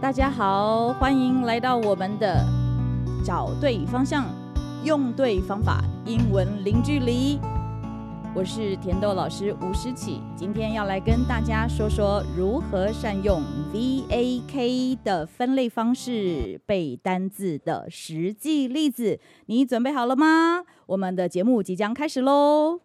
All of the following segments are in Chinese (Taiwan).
大家好，歡迎來到我們的“找對方向，用對方法”英文零距離。我是甜豆老師吳詩綺，今天要來跟大家說說如何善用 VAK 的分類方式背單字的實際例子。你準備好了嗎？我們的節目即將開始嘍！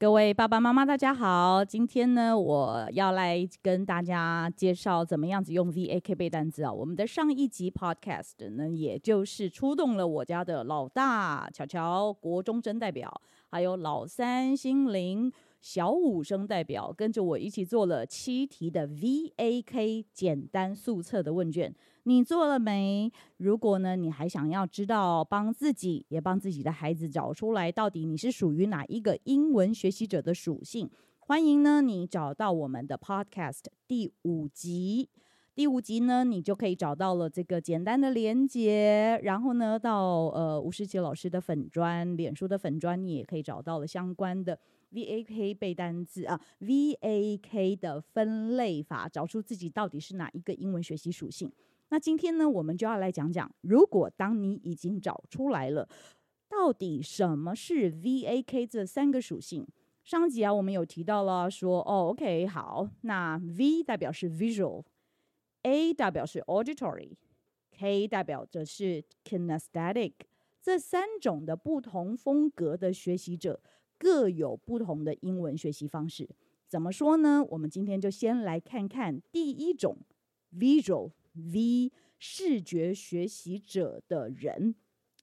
各位爸爸媽媽，大家好！今天呢，我要來跟大家介紹怎麼樣子用 VAK 背單字啊。我們的上一集 podcast 呢，也就是出動了我家的老大喬喬，國中生代表，還有老三心靈小五生代表，跟着我一起做了七題的 VAK 簡單速測的問卷。你做了沒？如果呢，你還想要知道幫自己也幫自己的孩子找出來到底你是屬於哪一個英文學習者的屬性，歡迎呢，你找到我們的 podcast 第五集，第五集呢，你就可以找到了這個簡單的連接，然後呢，到呃吳詩綺老師的粉專、臉書的粉專，你也可以找到了相關的 VAK 背單字啊，VAK 的分類法，找出自己到底是哪一個英文學習屬性。那今天呢，我們就要來講講，如果當你已經找出來了，到底什麼是 VAK 這三個屬性？上集啊，我們有提到了說，說哦，OK，好，那 V 代表是 Visual，A 代表是 Auditory，K 代表着是 Kinesthetic，這三種的不同風格的學習者各有不同的英文學習方式。怎麼說呢？我們今天就先來看看第一種 Visual。V 視覺學習者的人，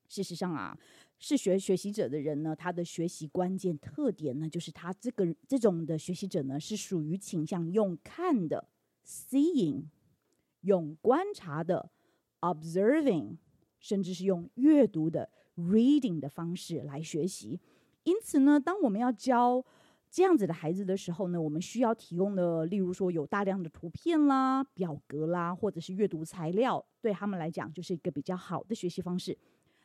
事實上啊，視覺學習者的人呢，他的學習關鍵特點呢，就是他這個這種的學習者呢，是屬於傾向用看的 （seeing）、用觀察的 （observing），甚至是用閱讀的 （reading） 的方式來學習。因此呢，當我們要教這樣子的孩子的時候呢，我們需要提供的，例如說有大量的圖片啦、表格啦，或者是閱讀材料，對他們來講就是一個比較好的學習方式。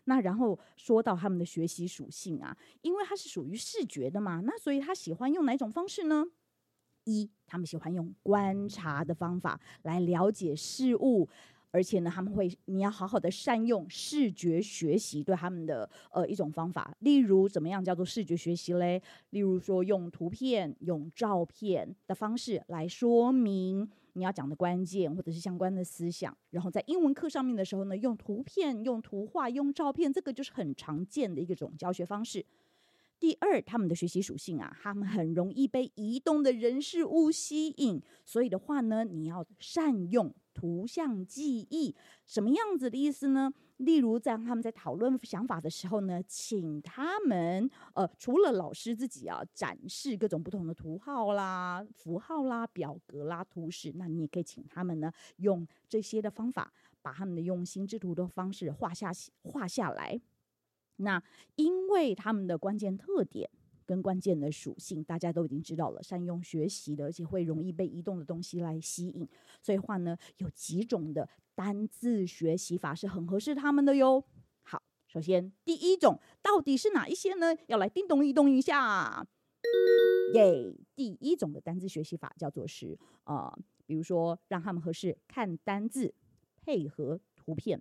那然後說到他們的學習屬性啊，因為他是屬於視覺的嘛，那所以他喜歡用哪種方式呢？一，他們喜歡用觀察的方法來了解事物。而且呢，他們會，你要好好的善用視覺學習對他們的呃一種方法。例如怎麼樣叫做視覺學習嘞？例如說用圖片、用照片的方式來說明你要講的關鍵或者是相關的思想。然後在英文課上面的時候呢，用圖片、用圖畫、用照片，這個就是很常見的一種教學方式。第二，他們的學習屬性啊，他們很容易被移動的人事物吸引，所以的話呢，你要善用圖像記憶，什麼樣子的意思呢？例如，在他們在討論想法的時候呢，請他們呃，除了老師自己啊，展示各種不同的圖號啦、符號啦、表格啦、圖示，那你也可以請他們呢，用這些的方法，把他們的用心智圖的方式畫下畫下來。那因為他們的關鍵特點跟關鍵的屬性，大家都已經知道了，善用學習的，而且會容易被移動的東西來吸引，所以話呢，有幾種的單字學習法是很合適他們的喲。好，首先第一種到底是哪一些呢？要來叮咚移動一下。耶，Yeah，第一種的單字學習法叫做是呃，比如說讓他們合適看單字配合圖片，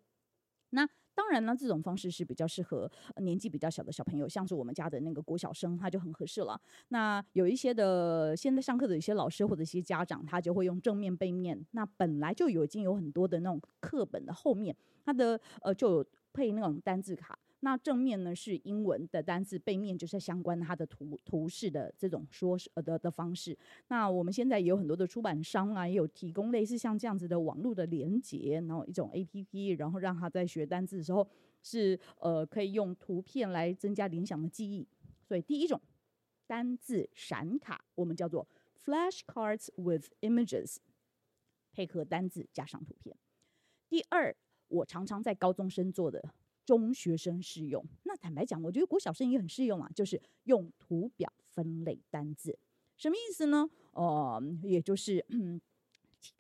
那。當然呢，這種方式是比較適合，呃，年紀比較小的小朋友，像是我們家的那個國小生，他就很合適了。那有一些的現在上課的一些老師或者一些家長，他就會用正面、背面。那本來就有已經有很多的那種課本的後面，他的呃就有。配那種單字卡，那正面呢是英文的單字，背面就是相關它的圖圖示的這種說是呃的的方式。那我們現在也有很多的出版商啊，也有提供類似像這樣子的網絡的連接，然後一種 APP，然後讓他在學單字的時候是呃可以用圖片來增加聯想的記憶。所以第一種單字閃卡，我們叫做 Flashcards with images，配合單字加上圖片。第二。我常常在高中生做的，中學生適用。那坦白講，我覺得國小生也很適用啊,就是用圖表分類單字。什麼意思呢？哦、嗯，也就是、嗯、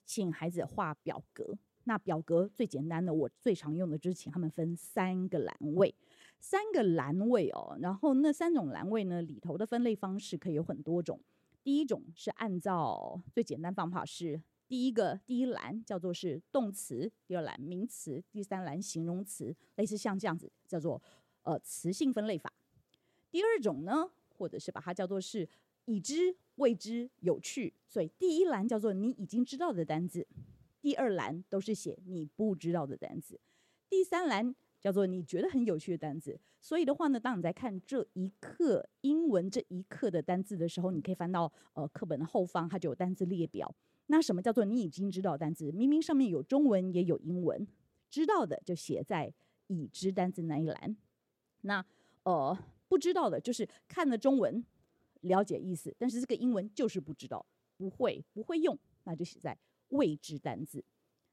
請孩子畫表格。那表格最簡單的，我最常用的就是請他們分三個欄位，三個欄位哦。然後那三種欄位呢，裡頭的分類方式可以有很多種。第一種是按照最簡單方法是。第一個第一欄叫做是動詞，第二欄名詞，第三欄形容詞，類似像這樣子叫做呃詞性分類法。第二種呢，或者是把它叫做是已知、未知、有趣，所以第一欄叫做你已經知道的單字；第二欄都是寫你不知道的單字，第三欄叫做你覺得很有趣的單字。所以的話呢，當你在看這一課英文這一課的單字的時候，你可以翻到呃課本的後方，它就有單字列表。那什麼叫做你已經知道的單字？明明上面有中文也有英文，知道的就寫在已知單字那一欄。那呃不知道的，就是看了中文，了解意思，但是這個英文就是不知道，不會不會用，那就寫在未知單字。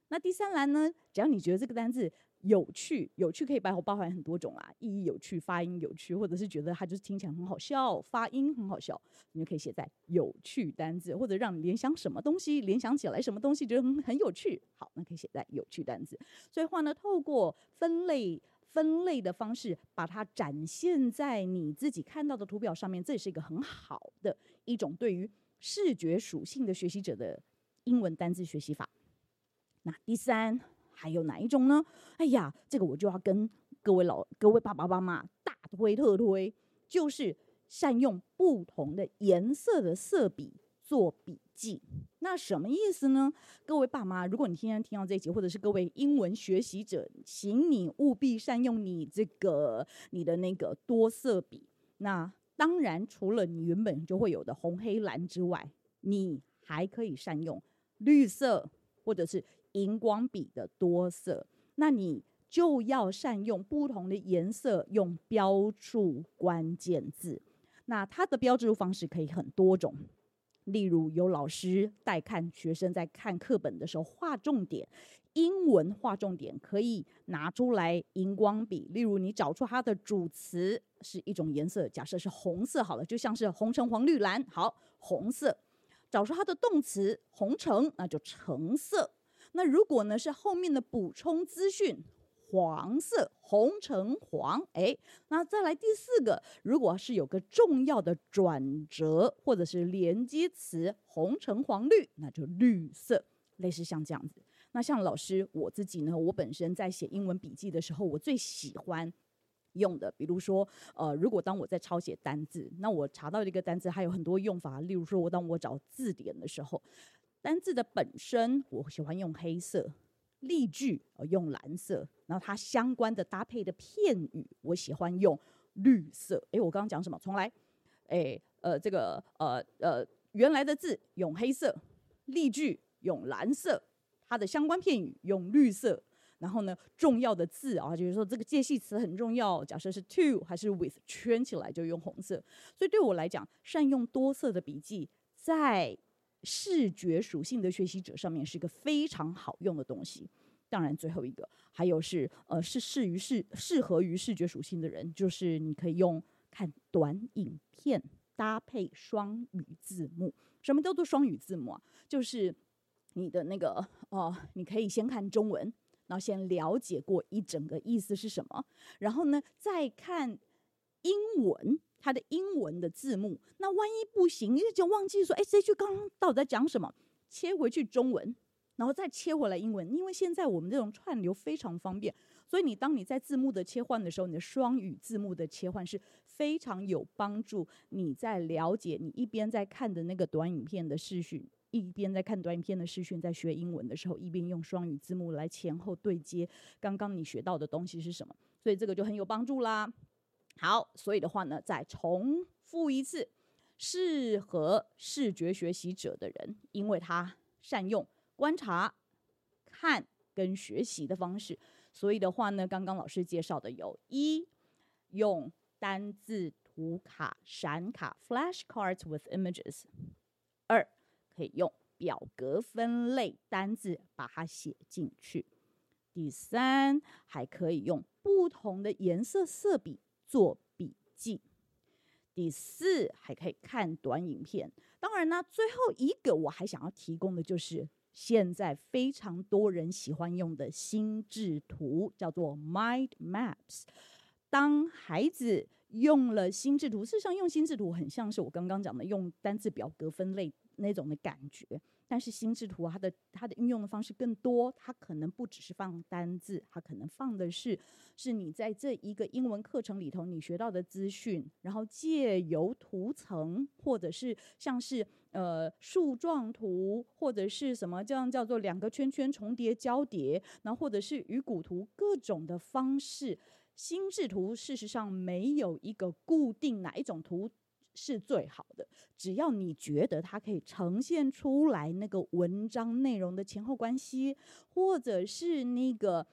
那第三欄呢？只要你覺得這個單字。有趣，有趣可以包含包含很多種啊，意義有趣，發音有趣，或者是覺得它就是聽起來很好笑，發音很好笑，你就可以寫在有趣單字，或者讓你聯想什麼東西，聯想起來什麼東西覺得很很有趣，好，那可以寫在有趣單字。所以話呢，透過分類分類的方式，把它展現在你自己看到的圖表上面，這也是一個很好的一種對於視覺屬性的學習者的英文單字學習法。那第三。還有哪一種呢？哎呀，這個我就要跟各位老、各位爸爸媽媽大推特推，就是善用不同的顏色的色筆做筆記。那什麼意思呢？各位爸媽，如果你今天聽到這集，或者是各位英文學習者，請你務必善用你這個、你的那個多色筆。那當然，除了你原本就會有的紅、黑、藍之外，你還可以善用綠色或者是。熒光筆的多色，那你就要善用不同的顏色用標注關鍵字。那它的標注方式可以很多種，例如有老師帶看學生在看課本的時候畫重點，英文畫重點可以拿出來熒光筆。例如你找出它的主詞是一種顏色，假設是紅色好了，就像是紅橙黃綠藍，好，紅色，找出它的動詞，紅橙，那就橙色。那如果呢是後面的補充資訊，黃色，紅橙黃，哎，那再來第四個，如果是有個重要的轉折或者是連接詞，紅橙黃綠，那就綠色，類似像這樣子。那像老師我自己呢，我本身在寫英文筆記的時候，我最喜歡用的，比如說，呃，如果當我在抄寫單字，那我查到這個單字還有很多用法，例如說，我當我找字典的時候。單字的本身，我喜歡用黑色；例句，用藍色；然後它相關的搭配的片語，我喜歡用綠色。誒，我剛剛講什麼？重來。誒，呃，這個，呃，呃，原來的字用黑色，例句用藍色，它的相關片語用綠色。然後呢，重要的字啊，就是說這個介系詞很重要，假設是 to 還是 with，圈起來就用紅色。所以對我來講，善用多色的筆記，在。視覺屬性的學習者上面是一個非常好用的東西。當然，最後一個還有是呃，是適於適適合於視覺屬性的人，就是你可以用看短影片，搭配雙語字幕。什麼叫做雙語字幕啊？就是你的那個哦，你可以先看中文，然後先了解過一整個意思是什麼，然後呢，再看。英文，它的英文的字幕，那萬一不行，你就忘記說，哎，這句剛剛到底在講什麼？切回去中文，然後再切回來英文。因為現在我們這種串流非常方便，所以你當你在字幕的切換的時候，你的雙語字幕的切換是非常有幫助。你在了解，你一邊在看的那個短影片的視訊，一邊在看短影片的視訊，在學英文的時候，一邊用雙語字幕來前後對接剛剛你學到的東西是什麼，所以這個就很有幫助啦。好，所以的話呢，再重複一次，適合視覺學習者的人，因為他善用觀察、看跟學習的方式。所以的話呢，剛剛老師介紹的有：一、用單字圖卡閃卡 （flashcards with images）；二、可以用表格分類單字，把它寫進去；第三，還可以用不同的顏色色筆。做筆記。第四，還可以看短影片。當然呢，最後一個我還想要提供的就是現在非常多人喜歡用的心智圖，叫做 Mind Maps。當孩子用了心智圖，事實上用心智圖很像是我剛剛講的用單字表格分類那種的感覺。但是心智圖，它的它的運用的方式更多，它可能不只是放單字，它可能放的是，是你在這一個英文課程裡頭你學到的資訊，然後借由圖層，或者是像是呃樹狀圖，或者是什麼這樣叫做兩個圈圈重疊交疊，然後或者是魚骨圖各種的方式，心智圖事實上沒有一個固定哪一種圖是最好的。只要你覺得它可以呈現出來那個文章內容的前後關係，或者是那個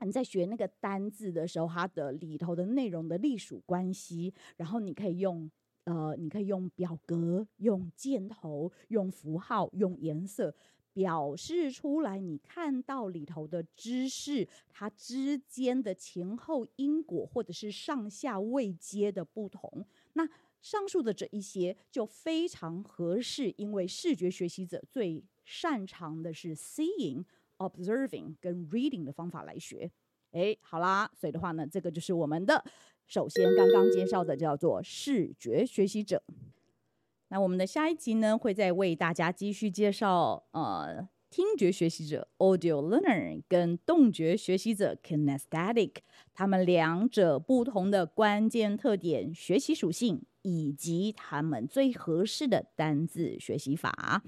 你在學那個單字的時候，它的裡頭的內容的隸屬關係，然後你可以用呃，你可以用表格、用箭頭、用符號、用顏色表示出來，你看到裡頭的知識它之間的前後因果，或者是上下位階的不同，那，上述的這一些就非常合適，因為視覺學習者最擅長的是 seeing、observing 跟 reading 的方法來學。哎，好啦，所以的話呢，這個就是我們的首先剛剛介紹的叫做視覺學習者。那我們的下一集呢，會再為大家繼續介紹呃聽覺學習者 audio learner 跟動覺學習者 kinesthetic，他們兩者不同的關鍵特點、學習屬性，以及他們最合適的單字學習法，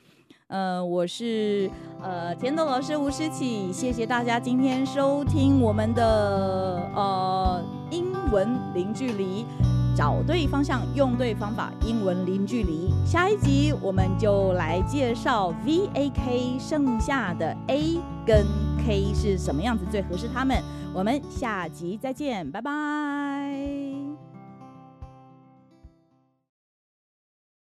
呃，我是呃甜豆老師吳詩綺，謝謝大家今天收聽我們的呃英文零距離，找對方向，用對方法，英文零距離。下一集我們就來介紹 V A K 剩下的 A 跟 K 是什麼樣子最合適他們，我們下集再見，拜拜。